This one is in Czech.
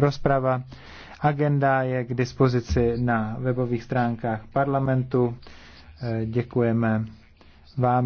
rozprava. Agenda je k dispozici na webových stránkách parlamentu. Eh, děkujeme vám.